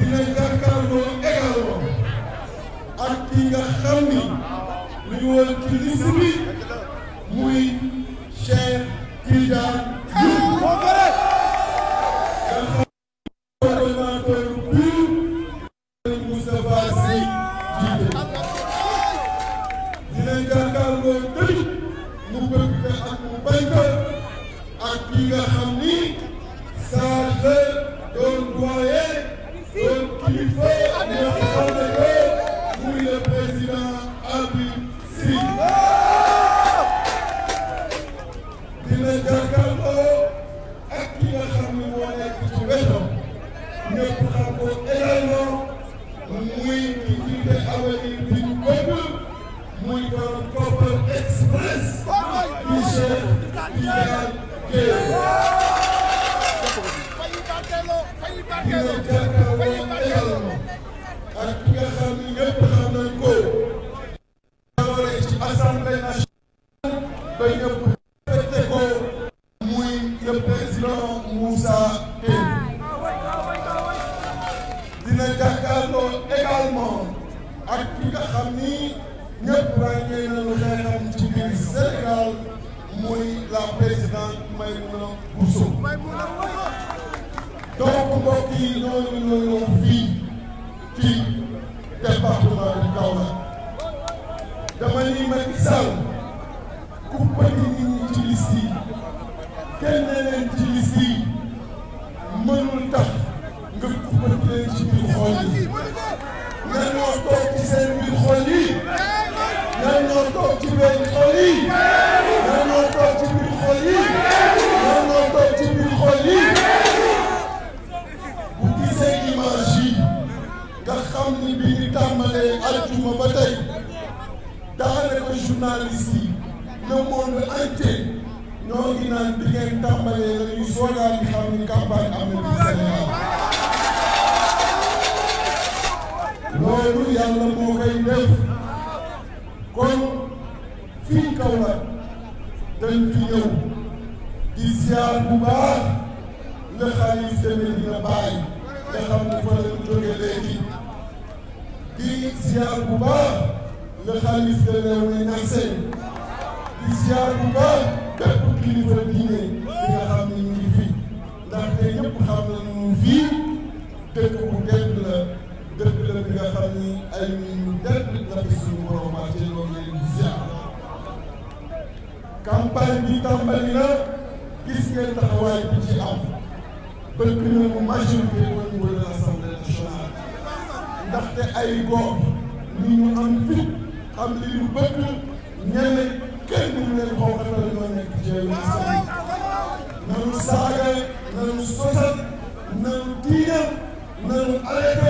dinañ jàkkaarloo également ak ki nga xam ni lu ñu woon ci liste bi muy cher ay ñu dégg tamit suñu bi tàmbali na gis ngeen taxawaay bi ci am bëgg na mu majorité au niveau de l'Assemblée nationale ndaxte ay góor ñu ñu am fit am li ñu bëgg ñenn kenn duñu leen xaw a xatal ñoo nekk ci assemblée nanu saaga nanu sosal nanu tiigal nanu arrêté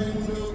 you.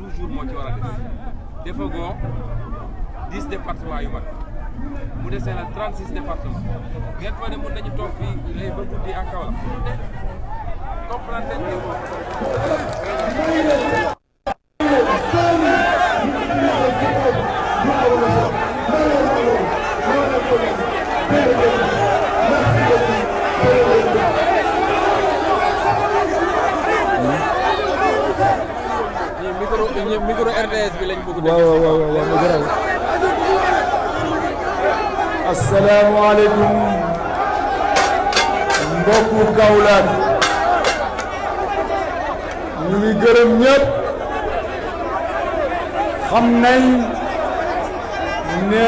douze jours moo ci war a des defagoo dix départements yu mag mu desee la trente six départements ngeen fa ne mun nañu toog fii lay ba guddi ak Kaolack comprendre nañ ne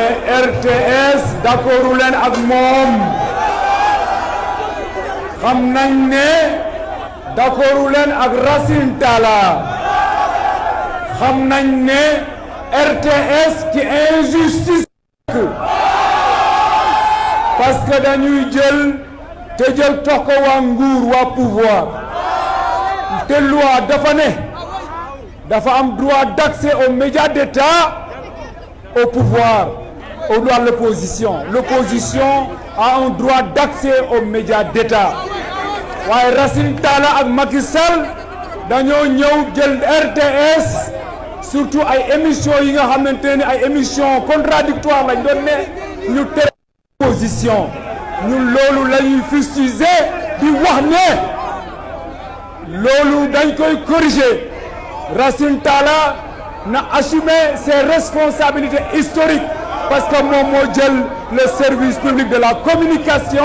RTS d'accordu ak moom xam nañ ne d'accordu leen ak Racine Talla xam nañ ne RTS ci injustice parce que dañuy jël te jël tox ko waa nguur waa pouvoir te loi dafa ne dafa am droit d'accès aux médias d'État au pouvoir au droit de l'opposition l'opposition a un droit d'accès aux médias d'État Racine Talla ak Macky Sall dañoo jël RTS surtout à émission yi nga xamante ne ay émission contradictoire lañ doon une ñu opposition Nous loolu l'avons ñuy fustiger di wax ne loolu dañ koy corriger Racine Tala na assumé ses responsabilités historiques parce que mon modèle, le service public de la communication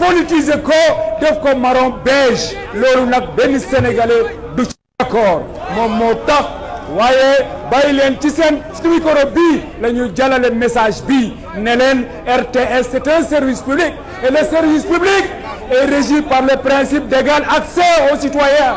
est ko def ko marron beige le nag béni sénégalais du d'accord Mon mot tax leen message bi, RTS c'est un service public et le service public est régi par le principe d'égal accès aux citoyens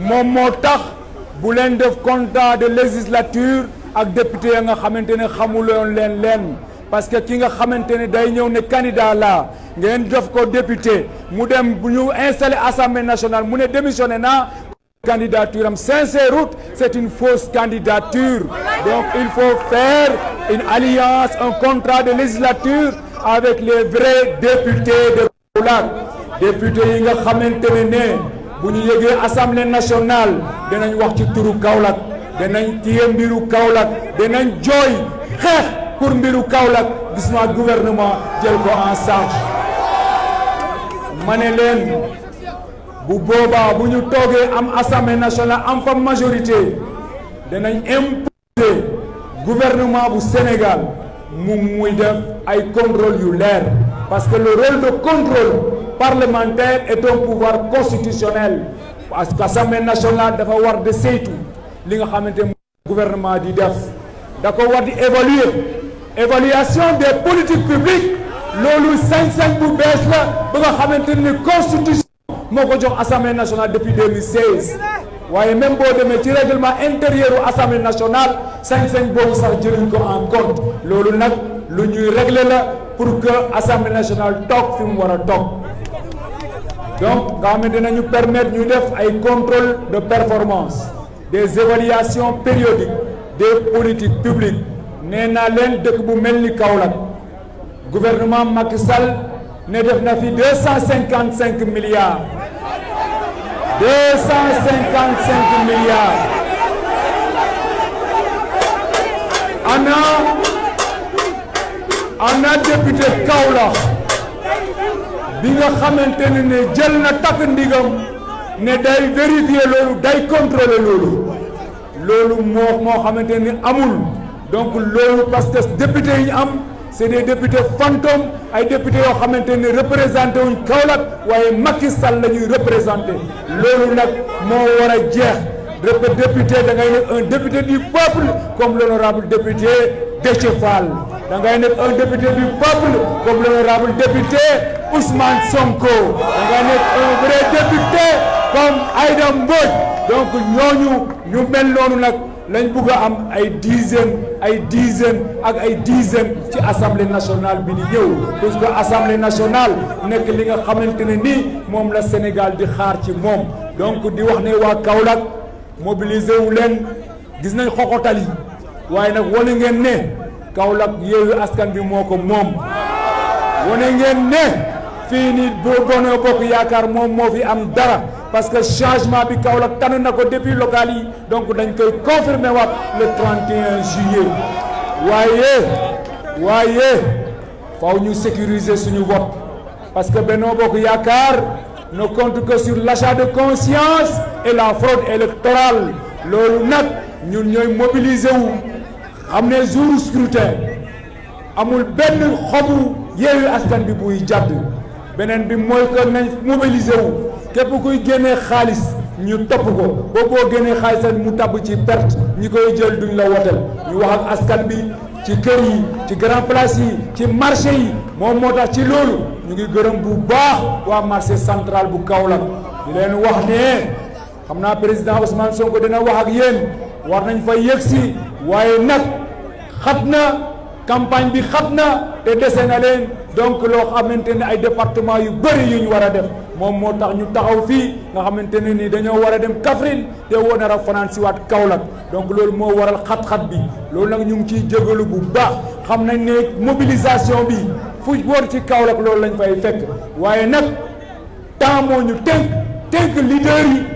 mon mot, tax bu contrat de législature avec député nga parce que ki nga xamantene day ñew ne candidat la ngeen def ko député mu dem assemblée nationale mu ne candidature route c'est une fausse candidature donc il faut faire une alliance un contrat de législature avec les vrais députés de député yi nga bu ñu yëgee assemblée nationale danañ wax ci turu Kaolack danañ téye mbiru Kaolack danañ jooy xeex pour mbiru Kaolack gis naa gouvernement jël ko en charge ma ne leen bu boobaa bu ñu toogee am assemblée nationale am fa majorité danañ imposer gouvernement bu Sénégal mu muy def ay contrôle yu leer parce que le rôle de contrôle parlementaire est un pouvoir constitutionnel parce que l'Assemblée nationale doit avoir des saytu li nga xamante gouvernement di def da war di évaluation des politiques publiques l'OLU 5-5 pour bees la ba nga xamante ni constitution moo ko jox assemblée nationale depuis 2016 waaye même boo demee ci règlement intérieur à l'Assemblée nationale 5-5 pour sax jëluñ ko en compte L'OLU, nag lu ñuy régler pour que l'Assemblée nationale toog fi mu war donc quand nous nous permettre faire def contrôle de performance des évaluations périodiques des politiques publiques nous allons leen dëkk gouvernement Macky Sall a def 255 milliards 255 milliards Anna. Anna député Kaolack bi nga xamante ne ne jël na takk ndigam ne day vérifier loolu day contrôler loolu loolu moo moo xamante ni amul donc loolu parce que député yi ñu am c'est des députés fantômes ay députés yoo xamante ni représenté wuñ Kaolack waaye nag Sall la ñuy représenté loolu nag moo war a jeex rep député da ngay nekk un député du peuple comme l'honorable député Déthié Fall da ngay nekk un député du peuple comme l'honorable député Ousmane Sonko nga nekk un vrai député comme Aïda Mbodj donc ñooñu ñu mel noonu nag lañ bëgg am ay dizaine ay dizaine ak ay dizaine ci assemblée nationale bi di parce que assemblée nationale nek li nga xamante ni mom la Sénégal di xaar ci mom donc di wax né wa Kaolack mobiliser wu len gis nañ xoxotal yi waaye nag wane ngeen né Kaolack Yewwi Askan bi moko mom moom ngeen né Fini bo boo Bokk Yakar, mom mo fi am dara parce que changement bi Kaolack tànn na depuis local yi donc dañ koy confirmer le 31 juillet wayé wayé faut ñu sécuriser suñu vote parce que Benno Bokk ne compte que sur l'achat de conscience et la fraude électorale lolu nak ñun ñoy mobiliser wu amné jour scrutin amul benn xobu yeewu askan bi buy jadd beneen bi mooy que nañ mobiliser wu képp kuy génnee xaalis ñu topp ko ba boo génnee xaalis mu tabb ci perte ñi koy jël duñu la wotel ñu wax ak askan bi ci kër yi ci grand place yi ci marché yi moo moo tax ci loolu ñu ngi gërëm bu baax waa marché central bu kaw Kaolack di leen wax ne xam naa président Ousmane Sonko dina wax ak yéen war nañ fa yëg si waaye nag xat na. campagne bi xat na te dese na leen donc loo xamante ne ay département yu bëri yu ñu war a def moom moo tax ñu taxaw fii nga xamante ne nii dañoo war a dem Kaffrine te woo nar a fanaan si waat Kaolack donc loolu moo waral xat-xat bi loolu nag ñu ngi ciy jégalu bu baax xam nañ ne mobilisation bi fu war ci Kaolack loolu lañ fay fekk waaye nag temps ñu tënk tënk leader yi.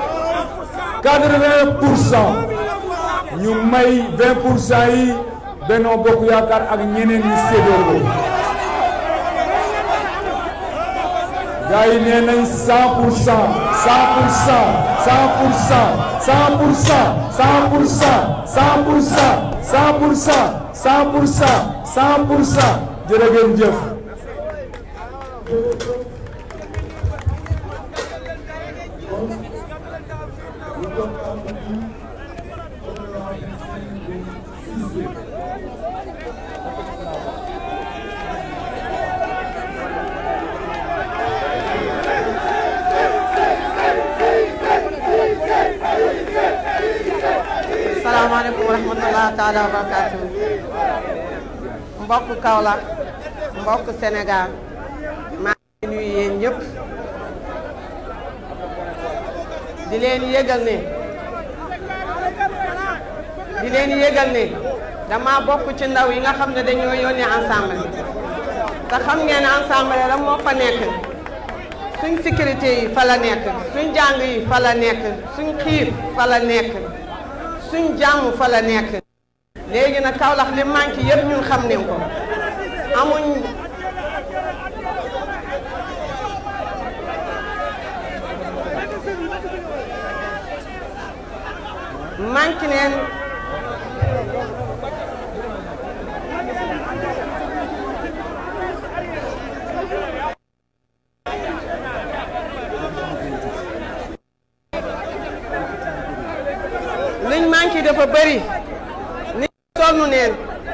quatre-vingt pour cent ñu may pour cent yi Benno Bokk Yaakaar ak ñeneen ñi séddoo gars yi nee nañ cent pour cent cent pour cent pour cent cent pour cent cent pour cent pour cent pour cent pour cent pour cent jërë jëf mbokk Kaolack mbokk Sénégal maa ngi nuyu yéen ñëpp di leen yëgal ne di leen yëgal ne dama bokk ci ndaw yi nga xam ne dañoo yónnee ensemble te xam ngeen ensemble la fa nekk suñ sécurité yi fa la nekk suñ jàng fa la nekk suñ xiif fa la nekk suñ jàmm fa la nekk na nag Kaolack li manqué yëpp ñun xam nañ ko amuñ. manqué neen liñ manqué dafa bëri. sonn neen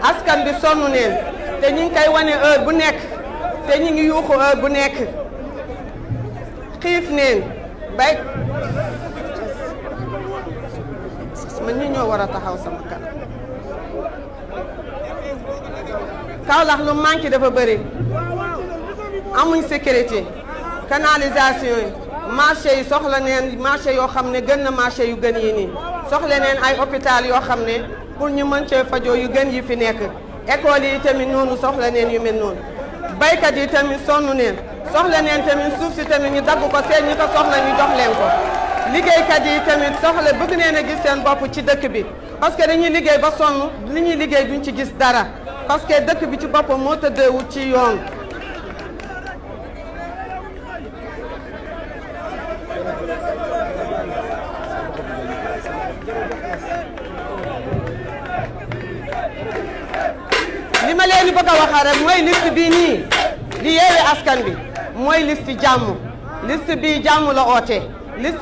askan bi bu nekk te ñu ngi yuuxu bu nekk xiif neen war a taxaw sama kanam Kaolack lu manqué dafa bëri amuñ sécurité canalisation yi yi soxla neen marché yoo xam ne gën na marché yu gën yi nii soxla neen ay hôpital yoo xam ne pour ñu mën cee fajoo yu gën yi fi nekk école yi tamit noonu soxla neen yu mel baykat yi tamit sonn neen soxla neen tamit suuf si tamit ñi dagg ko seen ñi ko soxla ñu jox leen ko liggéeykat yi tamit soxla bëgg neen a gis seen bopp ci dëkk bi parce que dañuy liggéey ba sonn li ñuy liggéey duñ ci gis dara parce que dëkk bi ci boppam moo tëddeewut ci yoon bëgg a waxal rek mooy liste bii nii li yeewee askan bi mooy liste jàmm list bi jàmm la oote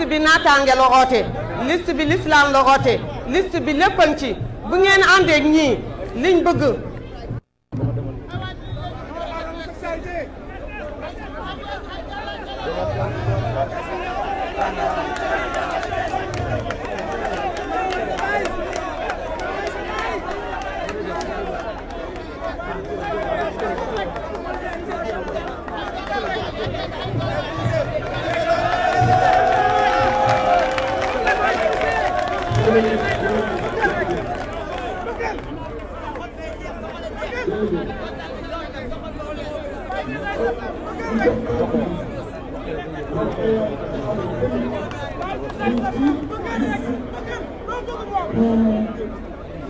bi naataange la list liste bi lislaam la oote liste bi léppan ci bu ngeen àndeek ñii liñ bëgg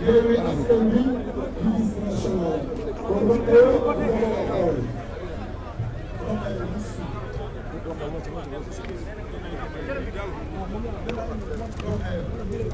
Yewwi Askan Wi di liste nationale kon ba tey dama la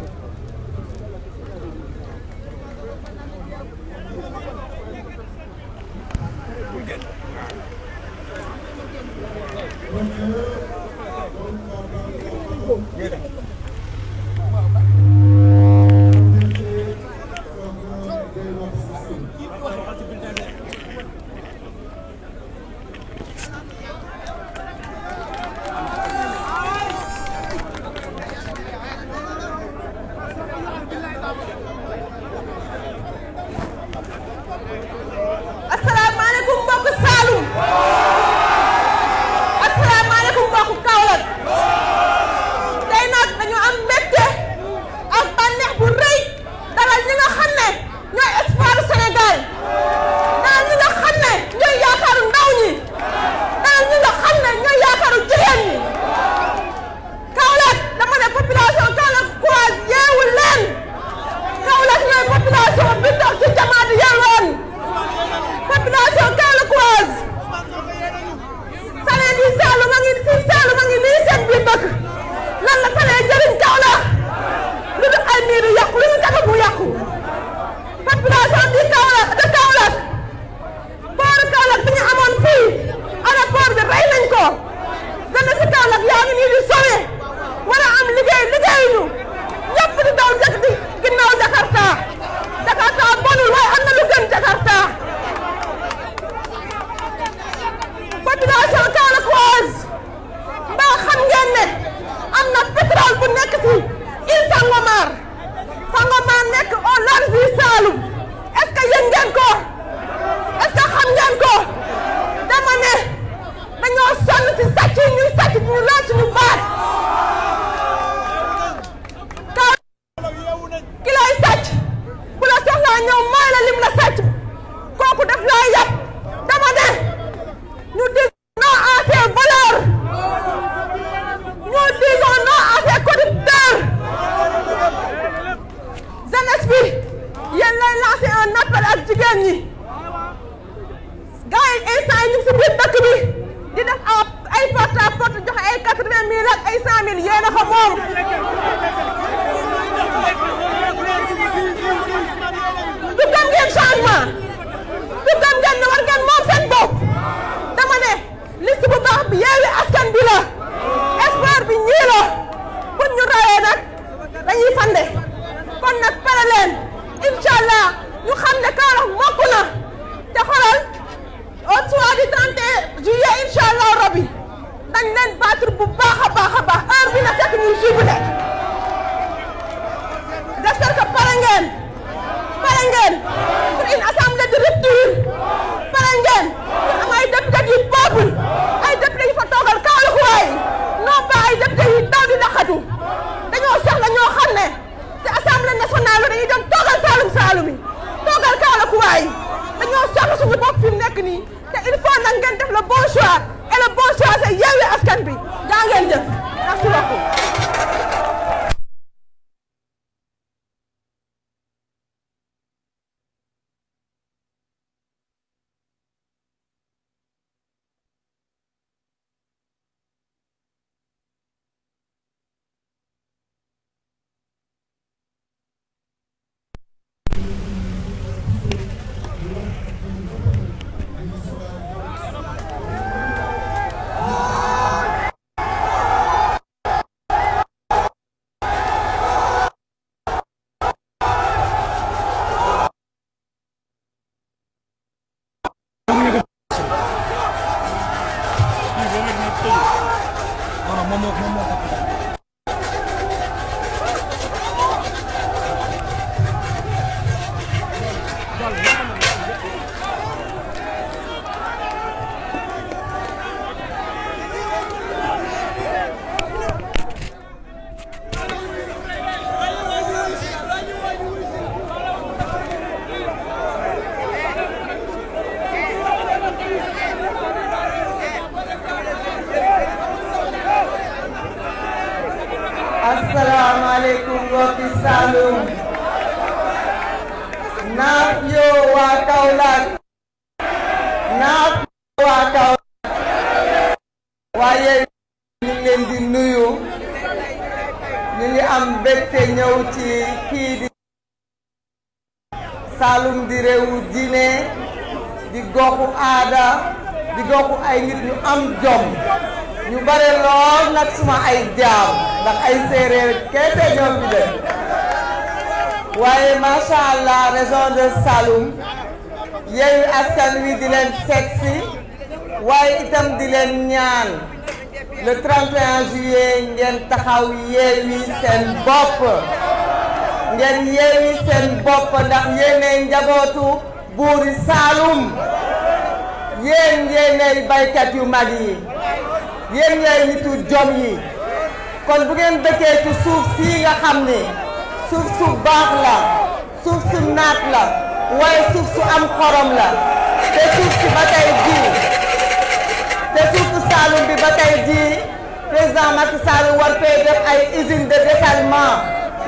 région de Saloum Yewwi Askan Wi di leen seetsi waaye itam di leen ñaan le 31 juillet ngeen taxaw yeewi seen bopp ngeen yeewi seen bopp ndax yéenay njabootu buuri Saloum yéen yéenay baykat yu mag yi yéen ñooy nitu jom yi kon bu ngeen dëkkee ci suuf sii nga xam ni suuf su baax la suuf su naat la waaye suuf su am xorom la te suuf si ba tey jii te suufu Saloum bi ba tey jii président Macky Sall war fee def ay usine de dessalement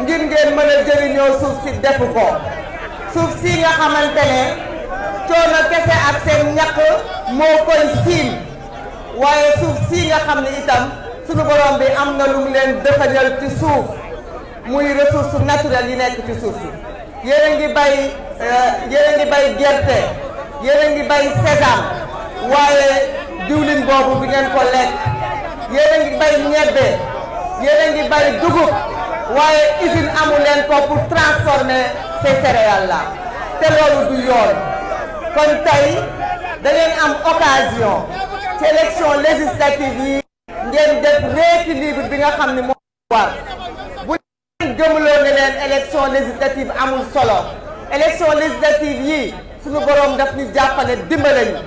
ngir ngeen mën a jëriñoo suuf si defu ko suuf si nga xamante ne coono kese ak seen ñaq moo koy siin waaye suuf si nga xam ne itam sunu borom bi am na lu mu leen dëfañal ci suuf muy su naturelle yi nekk ci suuf si yéen ngi bay eh, yéen ngi bay gerte yéen a ngi bay sésame waaye diwlin boobu bi ngeen ko lekk yéen ngi bay ñebbe yéen ngi bay dugub waaye usine amu ko pour transformer ces céréales là te loolu du yoon kon tey da am occasion ci élection yi ngeen def rééquilibre bi nga xam ni moo war gëmloo ne leen élection législative amul solo élection législative yi suñu boroom daf ñu jàppale dimbale ñu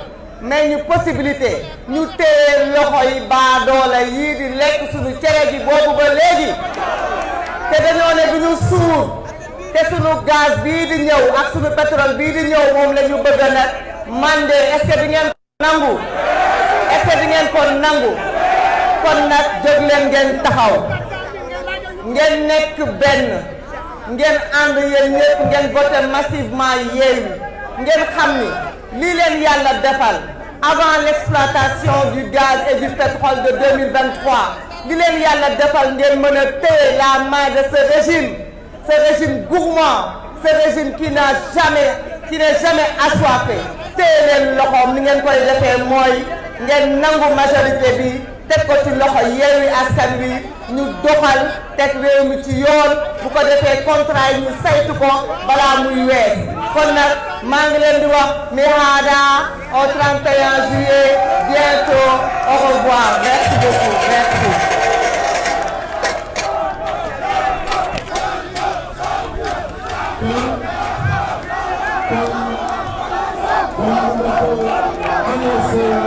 mais ñu possibilité ñu téye loxo yi baadoola yi di lekk suñu cere ji boobu ba léegi te dañoo ne du ñu suur te suñu gaz bii di ñëw ak suñu pétrole bii di ñëw moom la ñu bëgg nag man de est-ce ngeen ko nangu est kon nag jóg ngeen taxaw ngeen nekk benn ngeen ànd yéen ñëpp ngeen voté massivement Yewwi ngeen xam ni lii leen yàlla defal avant l'exploitation du gaz et du pétrole de 2023 li leen yàlla defal ngeen mën a téye la main de ce régime ce régime gourmand ce régime qui n'a jamais qui n'est jamais assoiffé téye leen loxoom ni ngeen koy defee mooy ngeen nangu majorité bi teg ko ci loxo Yewwi Askan Wi ñu doxal teg réew mi ci yoon bu ko defee contrat yi ñu saytu ko bala muy wéx kon nag maa ngi leen di wax mi hada au 31 juillet bientôt au revoir merci beaucoup merci. Thank you.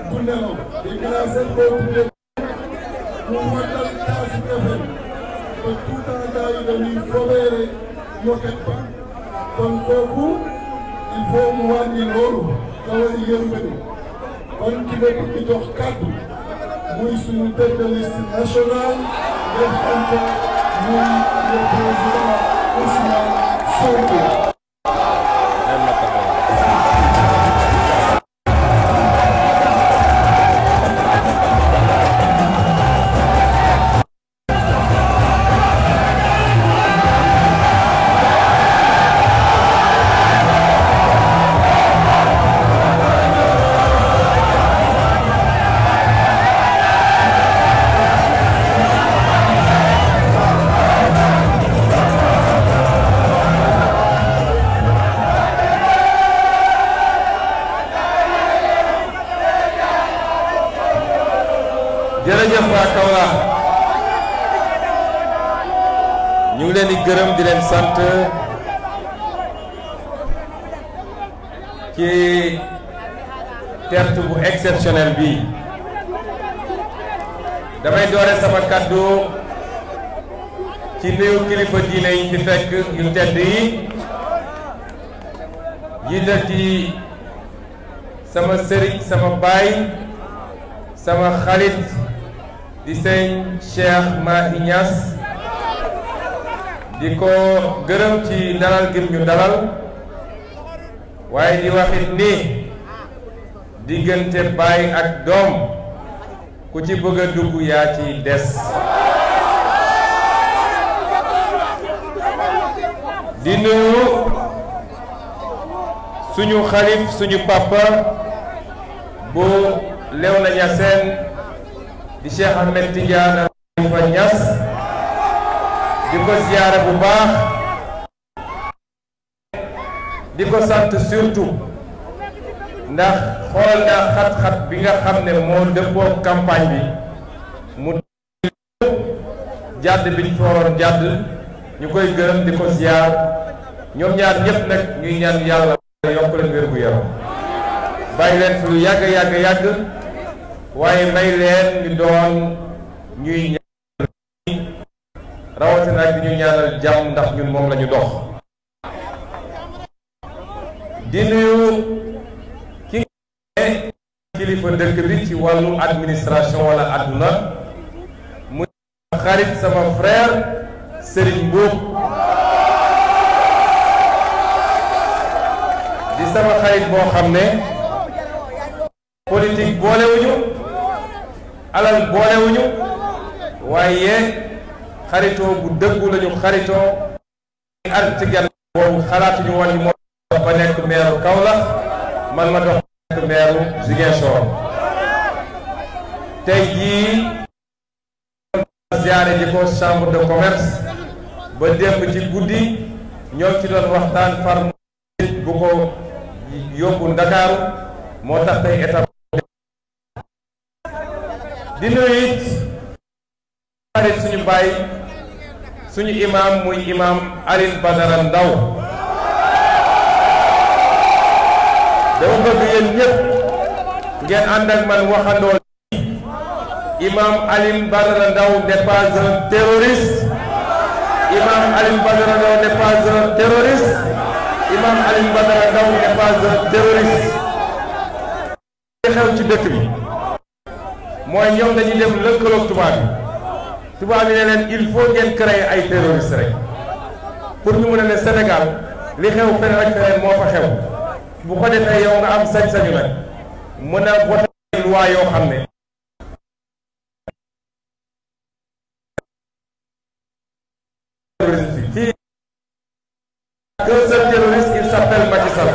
Koundéma dégg naa seen boobu dégg mu watal taas Ndefleng ba tout à gars yi dañuy fobeere moket ba kon kooku il faut mu wàññi loolu dawal yërmande kon ki nga bëgg jox kàddu muy suñu tête de liste nationale def xam ko muy le président Ousmane Sonko. sant ci terte bu exceptionnel bi damay doore sama kàddu ci néew kilifa diine yi ci fekk yu tedd yi jiital ci sama sëriñ sama baay sama xarit di sëñ Cheikh Mahi di ko gërëm ci dalal gim ñu dalal waaye di waxit ni diggante baay ak doom ku ci bëgga a dugg yaa ci des di nuyu suñu xalif suñu papa bu Léona Niassène di Cheikh Ahmed Tidiane di ko ziyaare bu baax ko sant surtout ndax xool naa xat-xat bi nga xam ne moo dëppoo campagne bi mu jàdd bi ñu fa waroon jàdd ñu koy gërëm di ko ziyaar ñoom ñaar ñëpp nag ñuy ñaan yàlla yokk leen wér gu yaram bàyyi leen fi lu yàgg yàgg yàgg waaye may leen ñu doon ñuy ak jàmm ndax ñun moom lañu ñu dox di nuyu ki nga kilifa dëkk bi ci wàllu administration wala àdduna mu xarit sama frère Serigne Mboup di sama xarit boo xam ne politique boolewuñu alal boolewuñu waaye xaritoo bu dëggu lañu xaritoo ñu ci genn boobu xalaatuñu woon ni moo ba nekk meeru Kaolack man ma dox ba meeru Ziguinchor tey jii ziare ji ko chambre de commerce ba démb ci guddi ñoo ci doon waxtaan far bu ko tax état di xarit suñu suñu imam muy imam Alim Badara Ndaw dama bëgg yéen ñëpp ngeen ànd ak man waxandoo imam Alioune Badara Ndaw n'est pas un terroriste imam Alioune Badara Ndaw n'est pas un terroriste imam Alioune Badara Ndaw n'est pas un terroriste xew ci dëkk bi mooy ñoom dañuy lëkkaloog tubaab bi tubaab yi ne leen il faut ngeen créer ay terroristes rek pour ñu mun a ne Sénégal li xew feneen ak feneen moo fa xew bu ko defee yow nga am sañ-sañu nag mën a voté loi yoo xam ne. kii qu'un seul terroriste il s'appelle Macky Sall.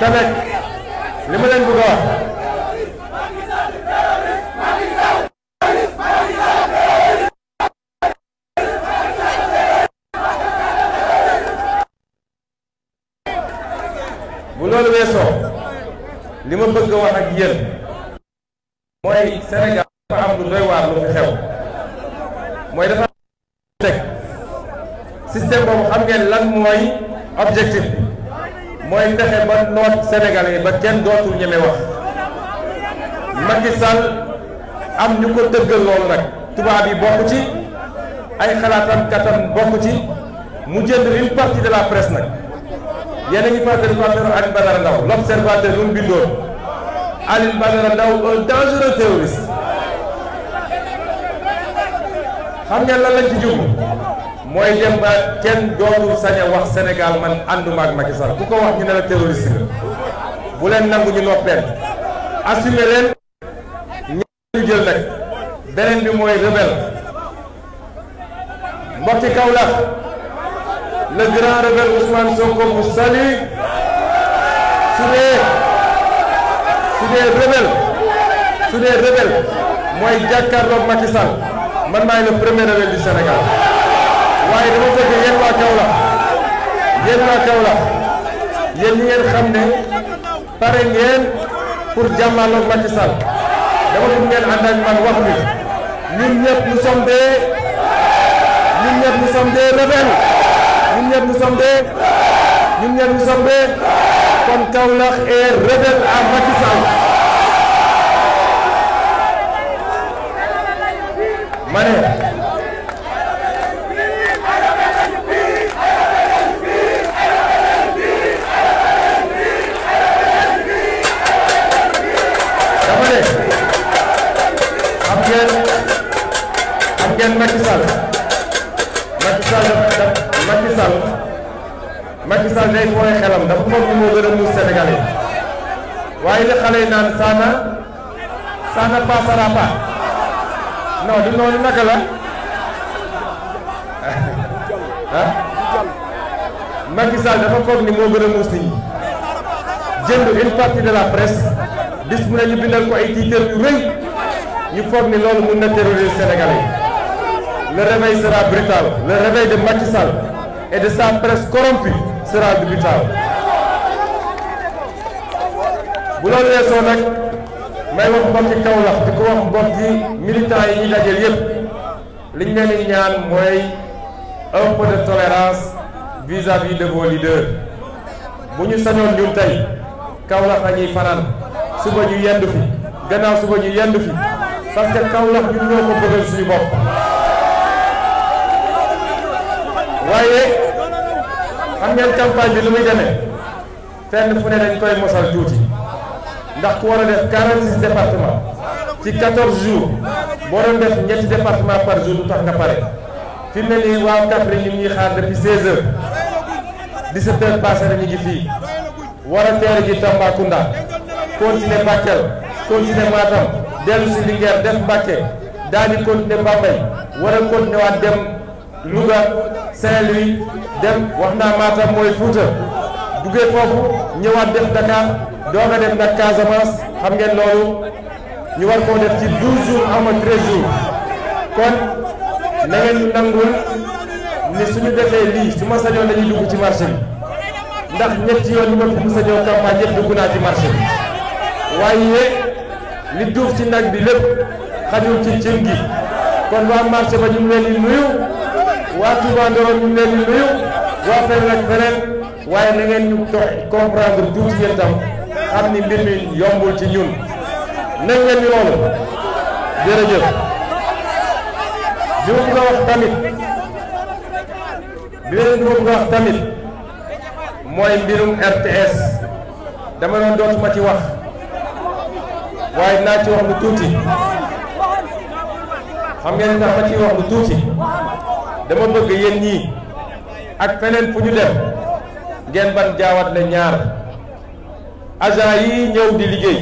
tamit li ma leen bëgg a wax. loolu weesoo li ma bëgg a wax ak yéen mooy Sénégal dafa am lu doy waar lu fi xew mooy dafa teg système boobu xam ngeen lan mooy objectif mooy fexe ba noot Sénégal yi ba kenn dootul ñeme wax Macky am ñu ko dëggal loolu nag tubaab yi bokk ci ay xalaatam katam bokk ci mu jël une partie de la presse nag yéen a ngi fàttali ko affaire Alioune Badara Ndao l'observateur lu mu bindoon Alioune Badara Ndao un dangereux terroriste xam ngeen lan ci jub mooy dem ba kenn dootul sañ a wax Sénégal man ànduma ak Macky Sall ko wax ñu ne la bu leen nangu ñu noppeen assumé leen ñeñu jël nag beneen bi mooy rebelle mbokki Kaolack le grand rebelle Ousmane Sonko vous salue su dee su mooy jàkkaarloog Macky Sall man maay le premier rebelle du Sénégal waaye dama bëgg yéen waa Kaolack yéen waa Kaolack yéen ñi ngeen xam ne pare ngeen pour jàmmaarloog Macky Sall dama bëgg ngeen ànd ak man wax bi ñun ñëpp nous ñëpp nous sommes des ñun ñëpp nous sommes des kon Kaolack est rebelle à Macky Sall ma ne dama ne xam ngeen xam ngeen Macky Sall Sall day fooy xelam dafa foog moo gën a muus sénégalais waaye li xale yi naan saana saana passera pas du noonu naka la ah dafa foog ni moo gën a muus nit ñi jënd une de la presse bis mu ne ñu bindal ko ay titre yu rëy ñu foog ni loolu mun na terroriser sénégalais le réveil sera brutal le réveil de Macky et de sa presse corrompue sera dubitable bu loolu weesoo nag may wax mbokki Kaolack di ko wax mbokki militants yi ñu dajeel yépp liñ leen ñaan mooy un peu de tolérance vis-à-vis bu ñu sañoon ñun tey Kaolack la ñuy fanaan suba ñu yendu fi gannaaw suba ñu yendu fi parce que Kaolack ñun ñoo ko bëggal suñu bopp waaye. xam ngeen campagne bi lu muy demee fenn fu ne dañ koy mosal tuuti ndax ku war a def 46 département ci 14 jours boo doon def ñetti département par jour du tax nga pare fi mu ne nii waa Kaffrine ñu ngi xaar depuis 16 heures 17 heures passé na ñu ngi fii war a teer ji Tambacounda continuer Bakel continuer Matam dellu si Linguère def Mbacké daal di continuer Bambey war a continuer waat dem. Louga Saint-Louis dem wax naa Matam mooy Fouta duggee foofu ñëwaat def Dakar doog a dem nag Casamance xam ngeen loolu ñu war koo def ci 12 jours ama 13 jours kon na ngeen ñu nangul ni suñu defee lii su ma sañoon dañuy dugg ci marché bi ndax ñetti yoon yi ma fi mu sañoon naa ci marché bi waaye li duuf ci nag bi lépp xajul ci cin gi kon waa marché ba ñu ngi nuyu. waa Touba Ndorong ñu leen di waa feneen ak feneen waaye na ngeen ñu dox comprendre tuuti yéen xam ni mbir mi yombul ci ñun nañ leen ni loolu jërëjëf li ma bëgg wax tamit li leen ma wax tamit mooy mbirum RTS dama doon dootuma ci wax waaye naa ci wax lu tuuti xam ngeen tax ma ci wax lu tuuti. dama bëgg yéen ñii ak feneen fu ñu dem ngeen ban jaawat le ñaar agent yi ñëw di liggéey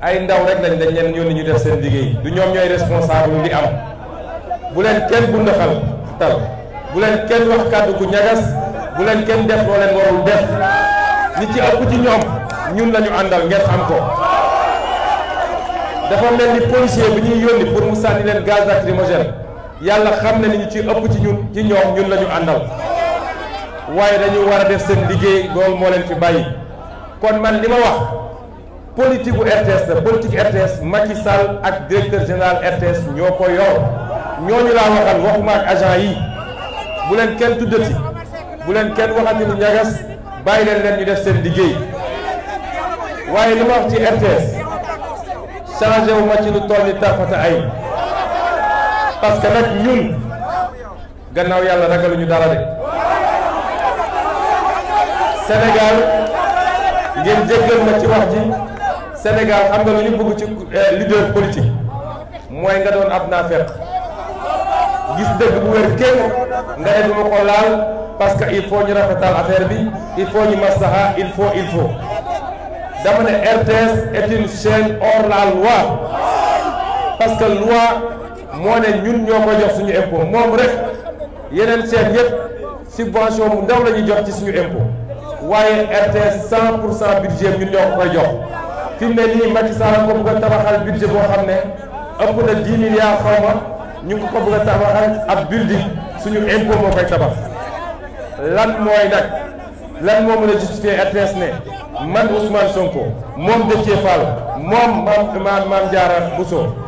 ay ndaw rek lañ dañ leen yónni ñu def seen liggéey du ñoom ñooy responsable li am bu leen kenn bu ndaxal tal bu leen kenn wax kàddu gu ñagas bu leen kenn def loo leen warul def li ci ëpp ci ñoom ñun lañu àndal ngeen xam ko dafa mel ni policier bi ñuy yónni pour mu sànni leen gaz lacrymogène yàlla xam na ni ñu ci ëpp ci ñun ci ñoom ñun lañu ñu àndal waaye dañu war a def seen liggéey loolu moo leen fi bàyyi kon man li ma wax politique bu RTS la politique RTS Macky Sall ak directeur général RTS ñoo ko yor ñooñu laa waxal waxuma ak agent yi bu leen kenn tuddati bu leen kenn waxati lu ñagas bàyyi leen leen ñu def seen liggéey waaye li ma wax ci RTS changé wu ma ci lu toll ni tarfata ay parce que nag ñun gannaaw yàlla ragaluñu dara de Sénégal ngeen jéggal ma ci wax ji Sénégal xam nga lu ñu bëgg ci euh, leader politique mooy nga doon ab naafeq gis dëgg bu wér kenn nga ne ko laal parce que il faut ñu rafetal affaire bi il faut ñu maslaha il faut il faut dama ne RTS est une chaîne la loi parce que moo ne ñun ñoo ko jox suñu impôt moom rek yeneen chaîne yëpp subvention mu ndaw la ñuy jox ci suñu impôt waaye RTS 100 pour cent budget ñun ñoo ko koy jox fi mu ne nii Macky Sall ko bëgg a tabaxal budget boo xam ne ëpp na 10 milliards xaw ma ñu ko bëgg a tabaxal ab di suñu impôt moo koy tabax lan mooy nag lan moo mën a justifier RTS ne man Ousmane Sonko moom Déthié Fall moom maam maam Diarra Bousso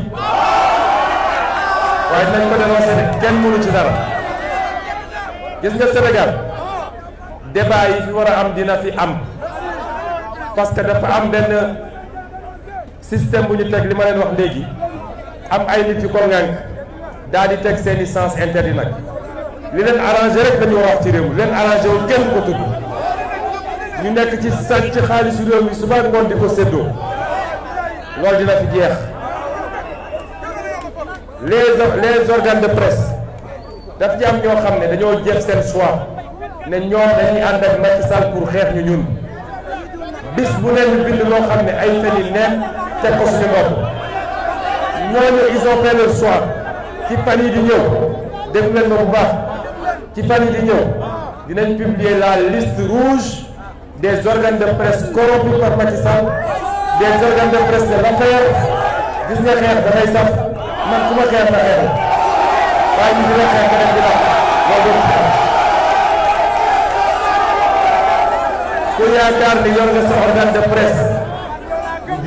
waaye nañ ko dénoncé ne kenn mënu ci dara gis nga Sénégal débat yi fi war a am dina fi am parce que dafa am benn système bu ñu teg li ma leen wax léegi am ay nit yu ko ŋànk daal di teg seeni sens interdit nag li leen arrangé rek dañu war a wax ci réew mi leen arrangé wu kenn ko tudd ñu nekk ci sàcc xaalisu réew mi suba ngoon di ko séddoo loolu dina fi jeex. les les organes de presse daf ci am ñoo xam ne dañoo jëf seen choix ne ñoom dañuy ànd ak Macky Sall pour xeex ñu ñun bis bu ne ñu bind loo xam ne ay fen yi neen teg ko suñu bopp ñooñu ils ont fait leur choix ci fan di ñëw déglu leen ma bu baax ci fan yi di ñëw publier la liste rouge des organes de presse corrompus par Macky des organes de presse de l'affaire gis nga xeex dafay saf man ku ma xeex ba xeex waaye ñu dina xeex beneen bi la loolu nga sa organe de presse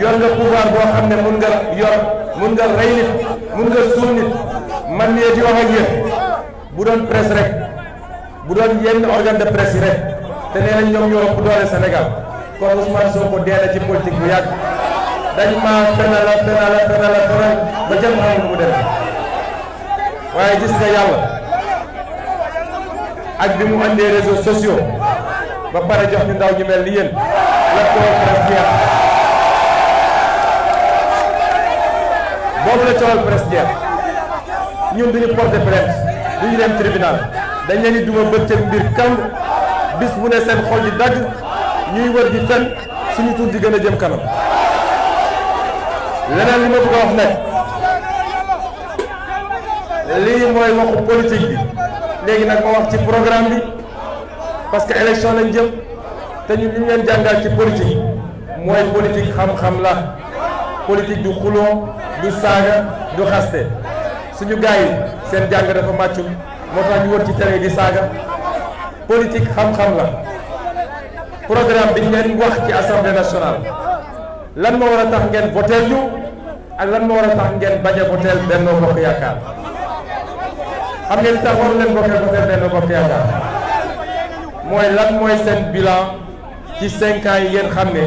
yor nga pouvoir boo xam ne mun nga yor mun nga rey nit mun nga suul nit man nii di wax ak yéen bu doon presse rek bu doon yenn organe de presse yi rek te nee ñoom ñoo ëpp doole Sénégal kon Ousmane Sonko dee na ci politique bu yàgg. dañu ma fenal fenal fenal fenal ba jëm xam mu dem waaye gis nga yàlla ak bi mu andee réseaux sociaux ba pare jox ñu ndaw ñu mel ni la ko presse jeex la coowal presse ñun duñu porter plainte duñu dem tribunal dañ leen di duma bëccëg mbir kam bis bu ne seen xol yi dagg ñuy wër di fen suñu tur di gën jëm kanam leneen li ma bëgg a wax nag lii mooy waxu politique bi léegi nag ma wax ci programme bi parce que élection lañu jëm te ñun ñu leen jàngal ci politique mooy politique xam-xam la politique du xuloo du saaga du xaste suñu gars yi seen jàng dafa màccul moo tax ñu wër ci tere di saaga politique xam-xam la programme bi ñu leen wax ci assemblée nationale. lan moo war a tax ngeen voteel ñu ak lan moo war a tax ngeen bañ a benn Benno Bokk Yaakaar xam ngeen tax waru leen bokkee voteel Benno Yaakaar mooy lan mooy seen bilan ci cinq ans yi ngeen xam ne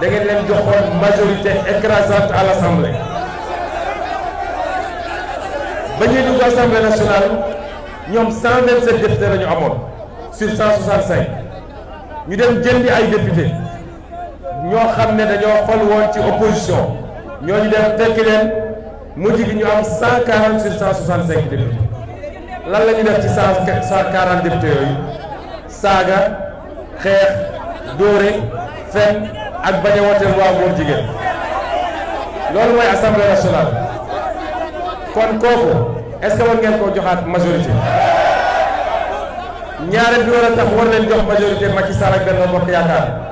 da ngeen leen joxoon majorité écrasante à l'Assemblée ba ñuy dugg Assemblée nationale ñoom 127 députés la ñu amoon sur 165 ñu dem jëndi ay député ñoo xam ne dañoo xol woon ci opposition ñooñu dem fekk leen mujj gi ñu am 140 sur 165 députés lan la ñu def ci 140 députés yooyu saaga xeex dóore fen ak bañ a woteel waa jigéen loolu mooy assemblée nationale kon kooku est-ce que war ngeen koo joxaat majorité ñaareel bi war a tax war leen jox majorité Macky Sall ak Benno Bokk Yaakaar.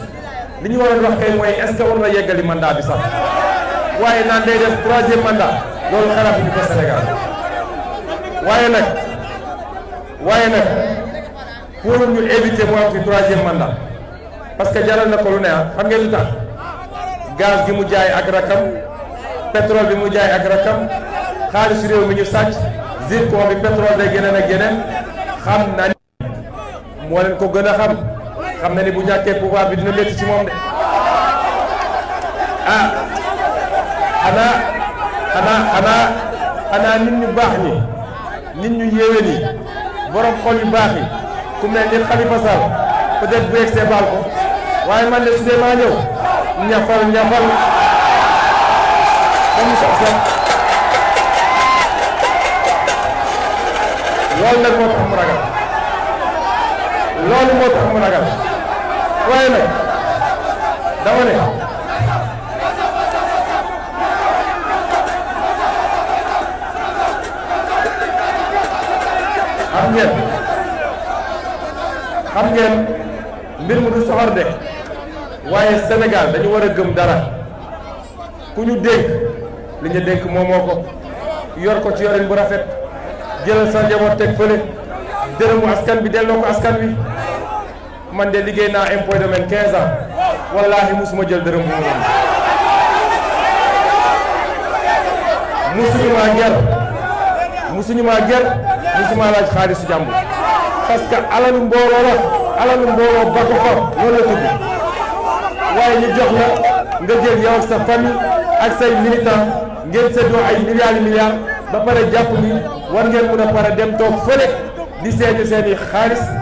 li ñu waroon wax kay mooy est-ce que yeggali mandat bi sax waaye naan day def troisième mandat loolu xalaatuñu ko Sénégal waaye nag waaye nag pour ñu éviter mu am fi troisième parce que jaral na ko lu ne ah xam ngeen lu tax gaz gi mu jaay ak rakam pétrole bi mu jaay ak rakam xaalisu réew mi ñu sàcc zircon bi pétrole day geneen ak geneen xam na moo leen ko gën a xam. xam na ni bu ñàkkee baa bi dina métti ci moom de ah xanaa xanaa xanaa xanaa nit ñu baax ñi nit ñu yéwén yi borom xol yu baax yi ku mel ni Khalifa Sall peut-être baal ko waaye man de su dee maa ñafal ñafal mu sax loolu nag moo tax mu ragal loolu moo tax mu ragal waaye nag dama ne xam ngeen xam ngeen mbir mu du soxor de waaye Sénégal dañu war a gëm dara ku ñu dénk li ñu dénk moom ko yor ko ci yorin bu rafet jëlal sa njaboot teg fële dërëmu askan bi delloo ko askan bi man de liggéey naa impôt domaine 15 ans wallaahi musuma jël dërëm bu mu musuñu maa ger musuñu maa ger musuma laaj xaalisu jàmbur parce que alalu mbooloo la alalu mbooloo ba ko fa loolu la tudd ñu jox la nga jël yow sa famille ak say militant ngeen seddoo ay milliards milliards ba pare jàpp ni war ngeen mën pare dem di seeni seeni xaalis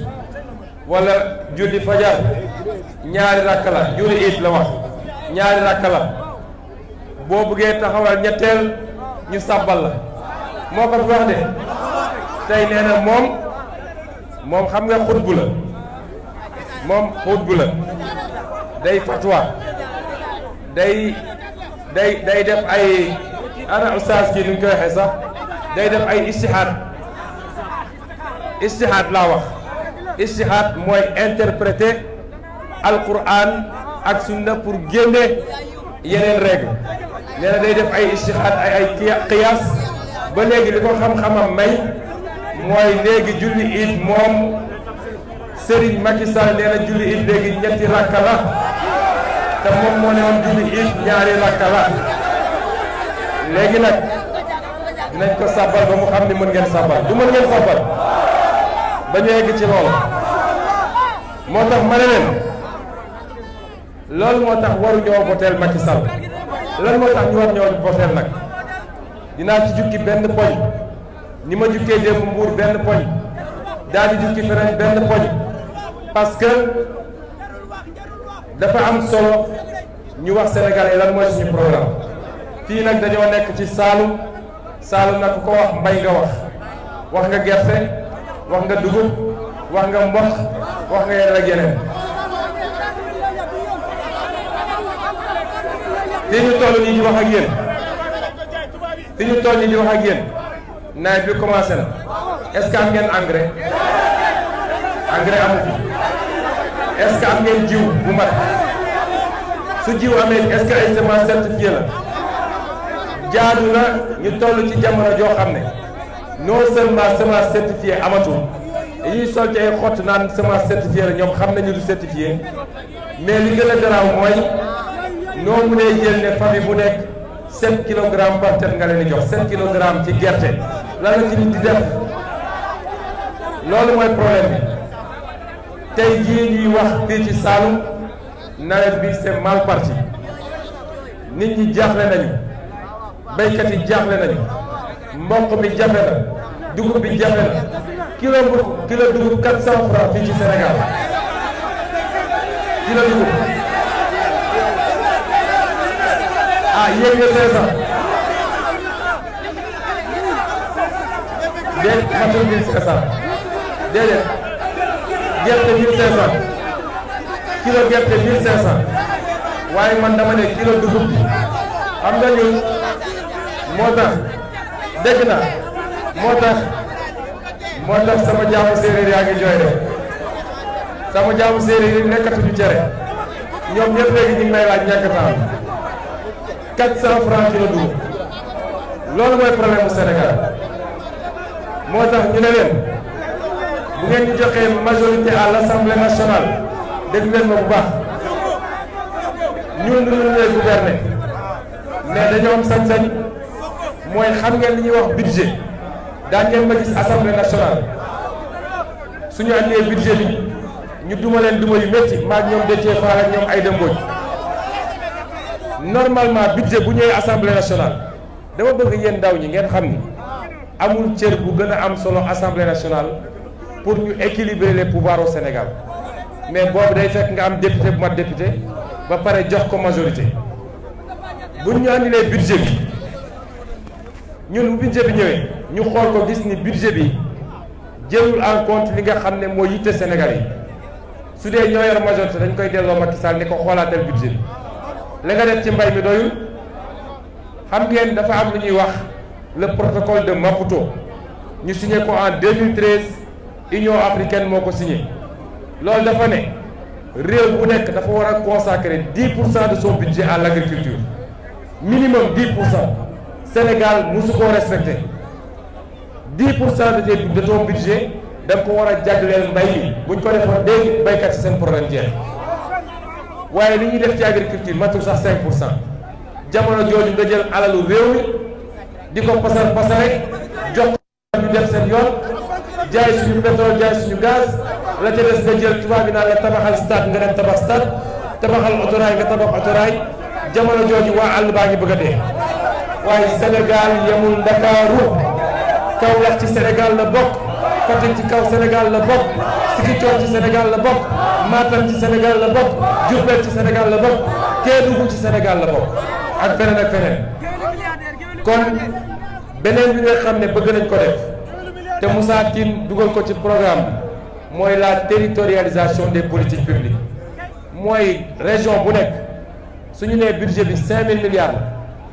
wala julli fajar ñaari rakk la julli it la wax ñaari rakk la boo bëggee taxawal ñetteel ñu sàbbal la moo ko fi wax de tey nee na moom moom xam nga xutbu la moom xutbu la day fatwa day day day def ay ana ustaas kii duñ koy waxee sax day def ay istihaad istihaad laa wax istihad moy interpréter alquran ak sunna pour génne yeneen règle nee na day def ay istihad ay ay qiyaas ba léegi li ko xam-xamam may mooy léegi julli it moom Serigne Macky Sall nee na julli it léegi ñetti rakka la te moom moo ne woon julli it ñaari rakka la léegi dinañ ko sabbal ba mu xam ni mën ngeen sabbal du mën ngeen sabbal ba ñu yegg ci loolu moo tax ma ne leen moo tax waruñoo voteel Macky Sall lan moo tax ñu war ñoo voteel nag dinaa ci jukki benn poñ ni ma jukkee démb mbuur benn poñ daal di jukki feneen benn poñ parce que dafa am solo ñu wax sénégalais lan mooy suñu programme fii nag dañoo nekk ci Saalum Saalum nag ku ko wax mbay nga wax wax nga gerte wax nga dugub wax nga mbox wax nga ak yeneen fi ñu toll nii di wax ak yéen fi ñu toll nii di wax ak yéen nawet bi commencé na est ce que am ngeen engrais engrais amu fi est ce am ngeen jiw bu mat su jiw amee est ce ay semence certifiée la jaadu ñu ci jamono non seulement semence certifiée amatul dañuy sol ci ay xott naan semence certifiée la ñoom xam nañu du certifiée mais li gën a garaaw mooy noo mënee jël ne famille bu nekk 7 kilogrammes par tête nga leen di jox kilo kilogrammes ci gerte lan la ci nit di def loolu mooy problème bi tey jii ñuy wax fii ci Saloum nawet bi c'est mal parti nit ñi jaaxle nañu béykat yi jaaxle nañu. mboq bi jafe na dugub bi jafe na kilo bu kilo dugub 400 francs fii ci Sénégal kilo dugub ah yéeg nga 500 déet matul 1500 déedéet gerte 1500 kilo gerte 1500 waaye man dama ne kilo dugub bi xam ñun moo tax. dégg na moo tax moo tax sama jaamu séeréer yaa ngi de sama jaamu séeréer yi nekkatuñu cere ñoom ñëpp léegi ñu ngi may laaj ñàkk temps 400 francs kilo dugub loolu mooy problème mu Sénégal moo tax ñu ne leen bu ngeen ñu joxee majorité à l'Assemblée nationale dégg leen ma bu baax ñun ñu ngi lay gouverner mais dañoo am sañ-sañ. moy xam ngeen li ñuy wax budget daan ngeen ma gis assemblée nationale suñu andee budget bi ñu duma leen duma yu métti maag ñoom Déthié Fall ak ñoom Aïda Mbodj normalement budget bu ñëwee assemblée nationale dama bëgg yéen ndaw ñi ngeen xam ni amul cër bu gën a am solo assemblée nationale pour ñu équilibrer les pouvoirs au Sénégal mais boobu day fekk nga am député bu mat député ba pare jox ko majorité buñ ñu andilee budget bi. Nous, bu budget bi ñu budget bi en compte li nga xamné moy de su dé ñoo majorité dañ koy délo Macky Sall ni budget la nga def ci mbay mi dafa am le protocole de Maputo ñu signé ko en 2013 Union africaine nous signé loolu dafa né réew bu nekk dafa consacrer 10 de son budget à l'agriculture. minimum 10 Sénégal musu koo respecté 10 pour cent de de ton budget da nga ko war a jagleel mbay mi buñ ko defoon léegi baykat si seen problème jeex waaye li ñuy def ci agriculture matul sax 5 pour cent jamono jooju nga jël alalu réew mi di ko pasar pasare jox ñu def seen yoon jaay suñu pétrole jaay suñu gaz la ca des jël tubaab bi naan la tabaxal stade nga dem tabax stade tabaxal autorail nga tabax autorail jamono jooju waa àll baa ngi bëgg a dee. waaye Sénégal yemul Dakarou, Kaolack ci Sénégal la bokk Fatick ci kaw Sénégal la bokk Ziguinchor ci Sénégal la bokk Matam ci Sénégal la bokk Diouflet, ci Sénégal la bokk Kédougou ci Sénégal la bokk ak feneen ak feneen kon beneen bi nga xam ne bëgg nañ ko def te Moussa dugal ko ci programme Moi la territorialisation des politiques publiques mooy région bu nekk suñu ñu nee budget bi 5000 milliards.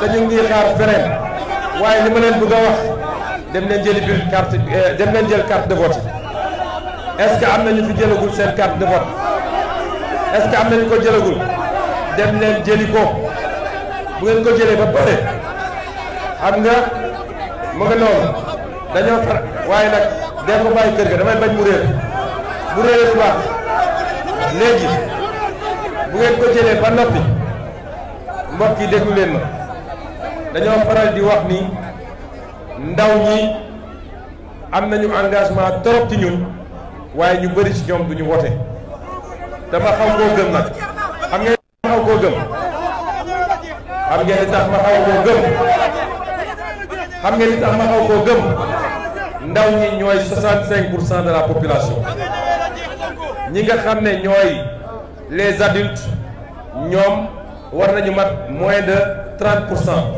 te ñu ngi xaar feneen waaye li ma neen bëgg wax dem leen jëli biir carte eh, dem leen jël carte de vote est-ce que am na ñu fi jëlagul seen carte de vote ce que am na ñu ko jëlagul dem leen jëli ko bu ngeen ko jëlee ba pare xam nga mu nga dañoo far waaye nag dee ko bàyyi kër ga damay bañ mu réer mu réer bu léegi bu ngeen ko jëlee ba noppi mbokk yi déglu leen dañoo faral di wax ni ndaw ñi am nañu engagement trop ci ñun waaye ñu bëri ci ñoom duñu wote dama xaw koo gëm nag xam ngeen ma xaw koo gëm xam ngeen tax ma xaw koo gëm xam ngeen tax ma xaw koo gëm ndaw ñi 65 de la population ñi nga xam ne ñooy les adultes ñoom war nañu mat moins de 30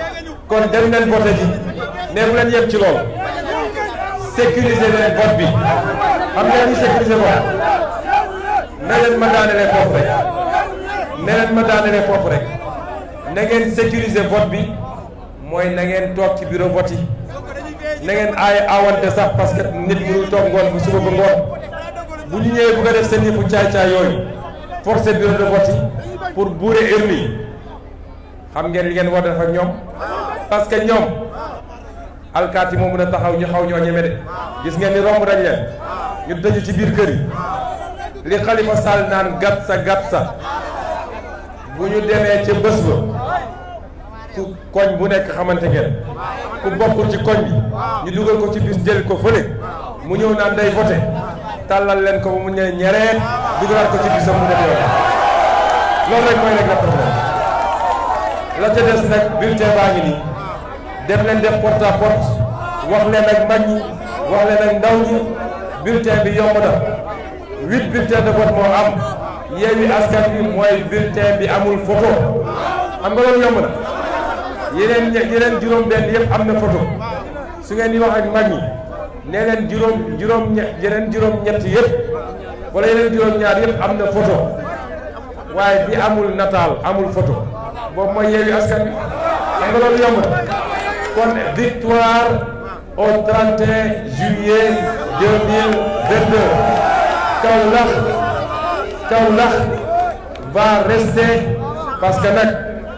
kon dem leen voté ji ne bu leen yem ci lool sécuriser leen vote bi xam ngeen ñu sécuriser ne leen ma daanelee ne leen ma rek na ngeen sécuriser vote bi mooy na ngeen toog ci bureau vote yi na ngeen aay awante sax parce que nit mënul toog ngoon bu suba ba ngoon bu bu ko def seen yëfu caay-caay yooyu forcer bureau de vote yi pour bourrer urne yi ngeen li ngeen war def ak ñoom parce que ñoom alkaati moo mën a taxaw ñu xaw ñoo ñeme de gis ngeen ni romb nañ leen ñu tëju ci biir kër yi li Khalifa Sall naan gàtt sa gat sa bu ñu demee ci bés ba ku koñ bu nekk xamante ngeen ku bokkul ci koñ bi ñu dugal ko ci bis jël ko fële mu ñëw naan day voté tàllal leen ko ba mu ne ñereet dugalaat ko ci bisam mu dem yoon loolu rek mooy rek la problème la ca des nag bulletin baa ngi nii dem leen de porte à porte wax leen ak mag ñi wax leen ak ndaw ñi bi yomb na huit bulletins de vote moo am Yewwi Askan Wi mooy bi amul photo xam nga loolu yomb na yeneen yeneen yëpp am na photo su ngeen di wax ak mag ñi ne leen juróom juróom ñe yeneen juróom-ñett yëpp wala yeneen juróom-ñaar yëpp am na photo waaye bi amul nataal amul photo boobu mooy Yewwi Askan Wi xam nga yomb na. kon victoire au 31 juillet 2022 Kaolack va rester parce que nag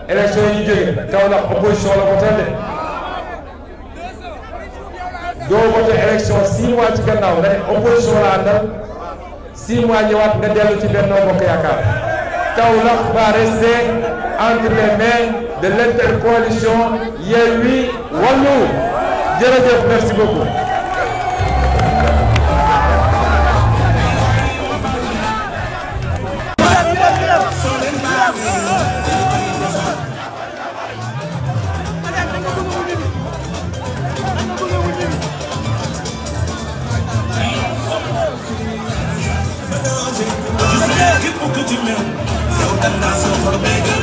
élection yi ñu jógee opposition la ko tànn doo voté élection 6 mois ci gannaaw rek opposition la àndal six mois ñëwaat nga dellu ci Benno Bokk Yaakaar Kaolack va rester entre les mains de l'intercoalition Yewwi wàllu jërëjëf merci beaucoup. I'm not so for the bigger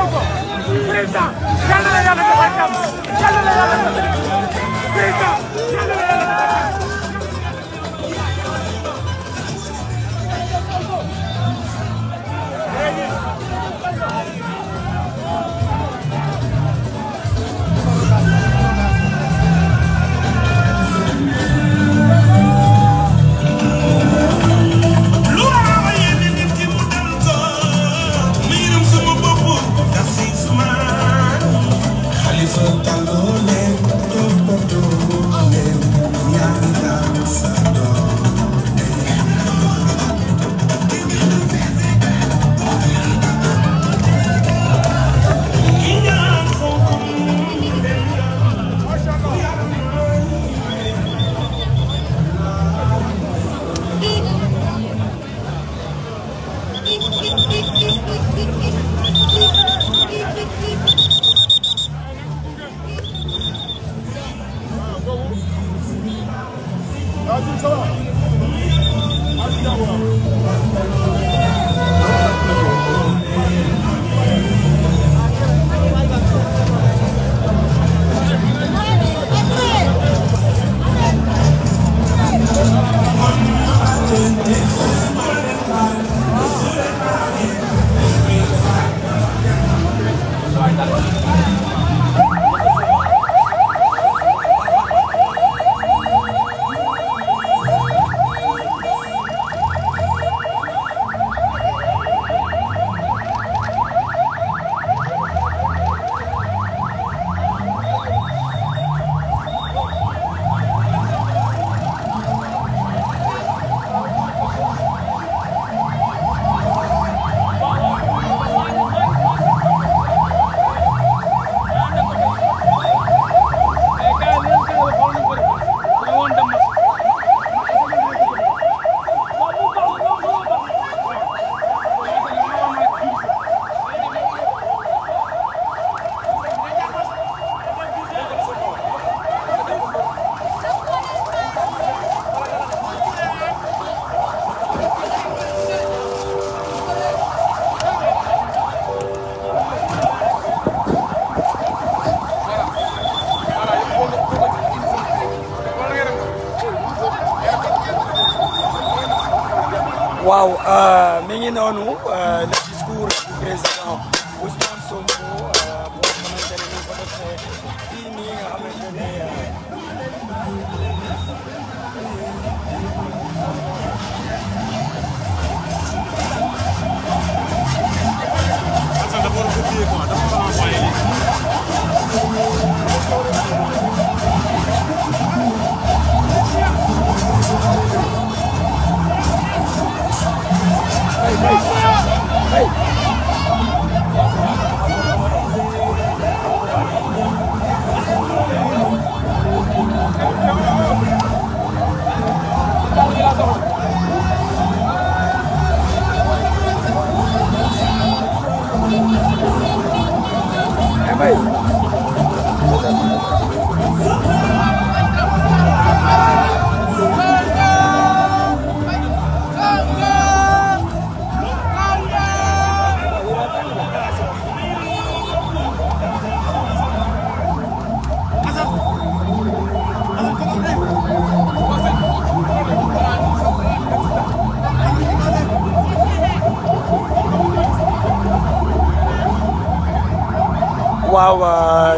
Sonko président yàlla na yàlla defal jàmm yàlla na yàlla defal jàmm président yàlla na yàlla defal jàmm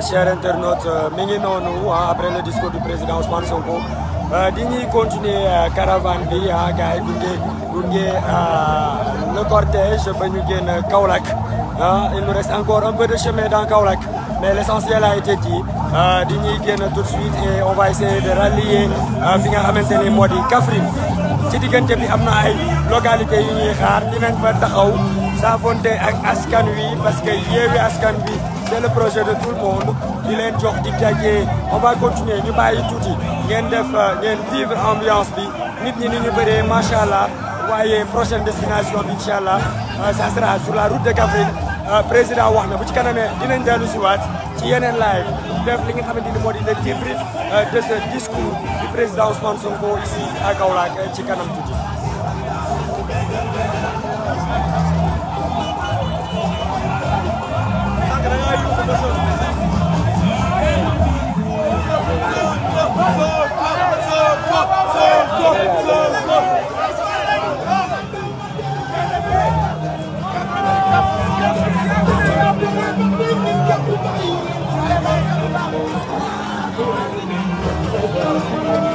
chers internautes euh, mi nous noonu ah, après le discours du président Ousmane Sonko euh, di ñuy continuer euh, caravane bi ah gars yi gunge euh, le cortège ba ñu génn Kaolack Hein, il nous reste encore un peu de chemin dans Kaolack mais l'essentiel a été dit ah, di ñuy génn tout de suite et on va essayer de rallier fi nga xamante ne moo di Kaffrine ci diggante bi am na ay localité yu ñuy xaar dinañ fa taxaw saafonte ak askan wi parce que yeewi askan bi. c'est le projet de tout le monde di leen jox di daje on va continuer ñu bàyyi tuuti ngeen def euh, ngeen vivre ambiance bi nit ñi ni ñu bëree macha allah waaye prochaine destination bi incha allah euh, ça sera sur la route de Kaffrine euh, président wax na bu ci kanamee dinañ dellu si waat ci yeneen live def li nga xamante ni moo di le débrief de ce discours du président Ousmane Sonko ici à Kaolack ci kanam tuuti. Thank you.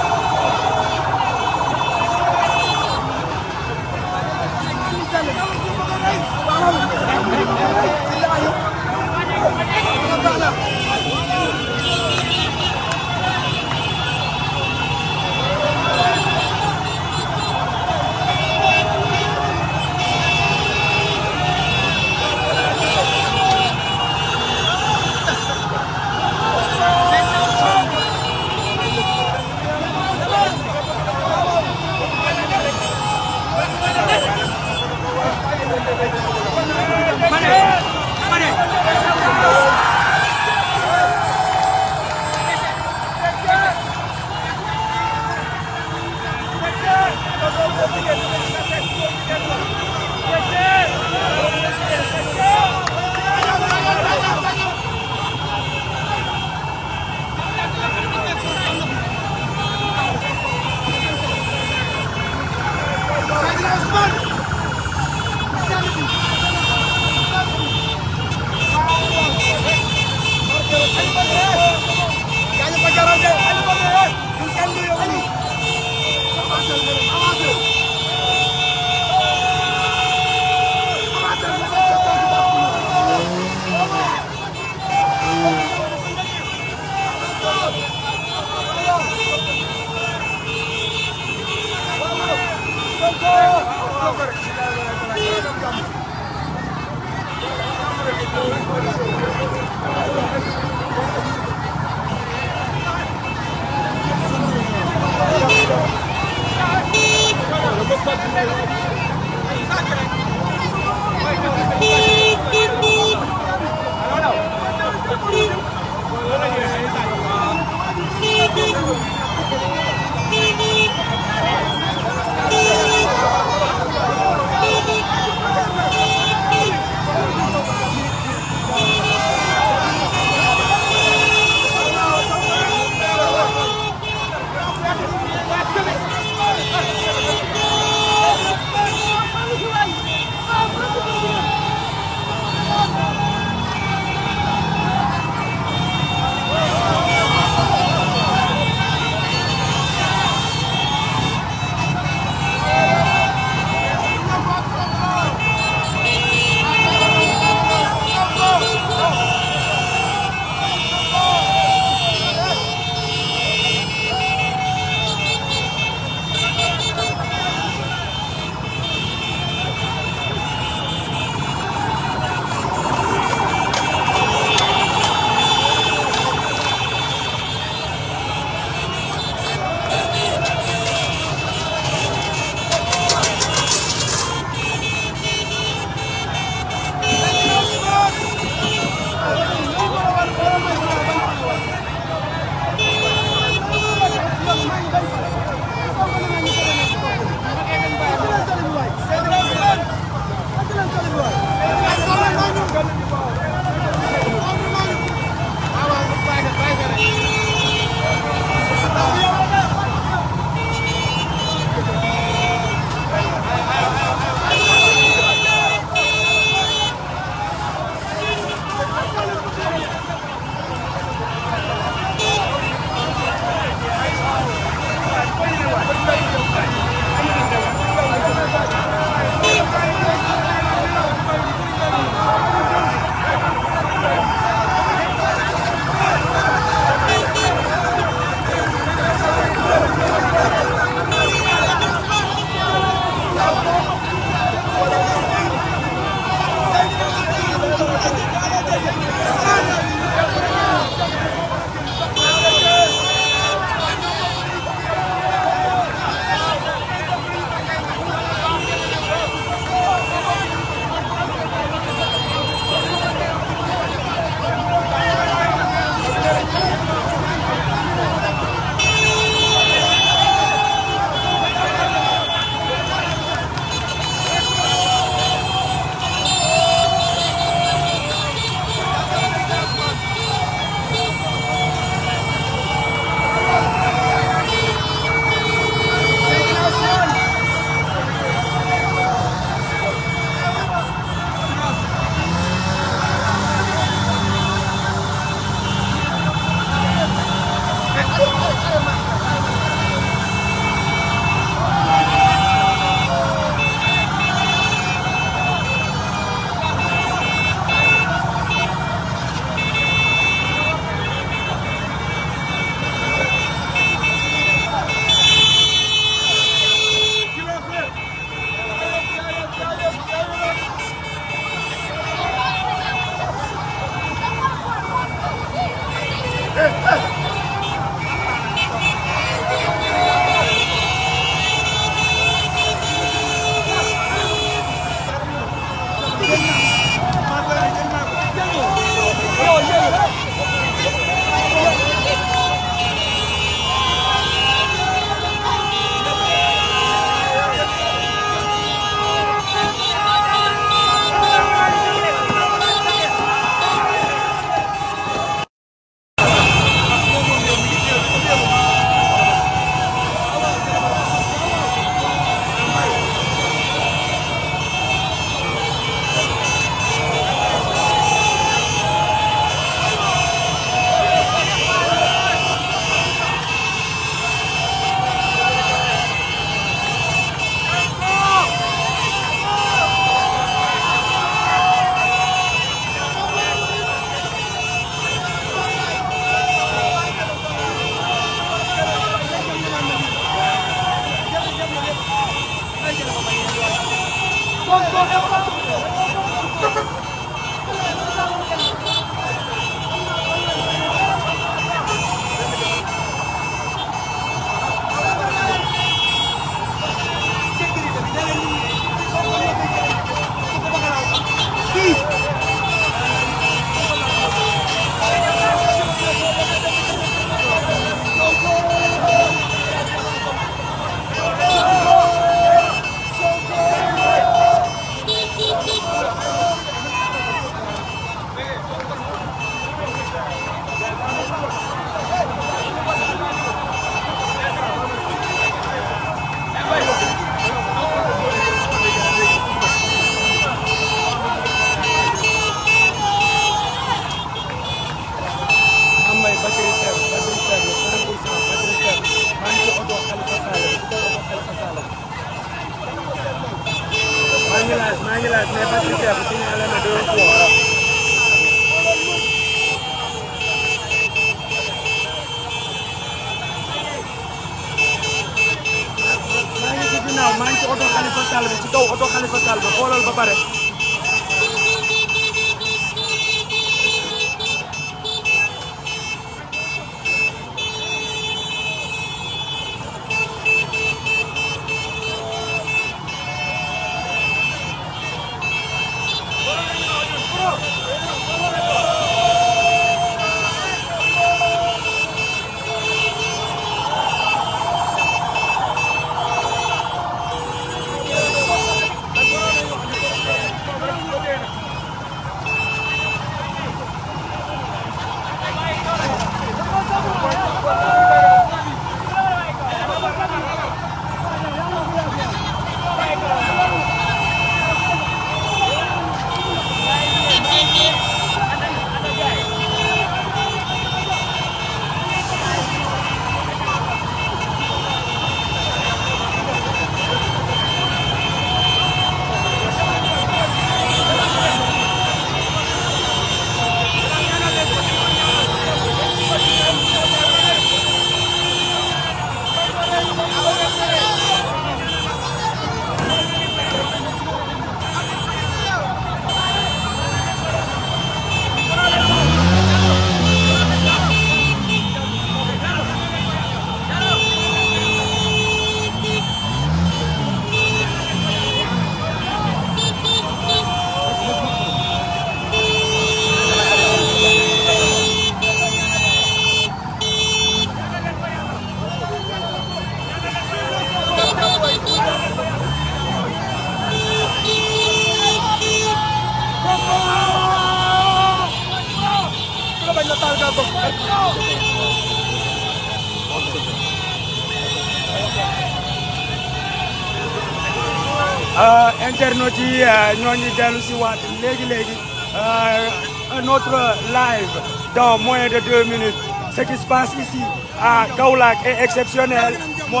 Nous euh, un autre live dans moins de deux minutes ce qui se passe ici à Kaulak est exceptionnel Nous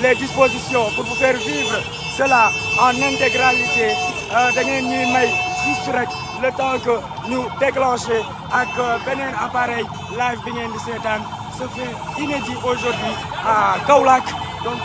les dispositions pour vous faire vivre cela en intégralité euh, juste le temps que nous déclenchons avec euh, un appareil live bi ngeen di se fait inédit aujourd'hui à Kaulak. donc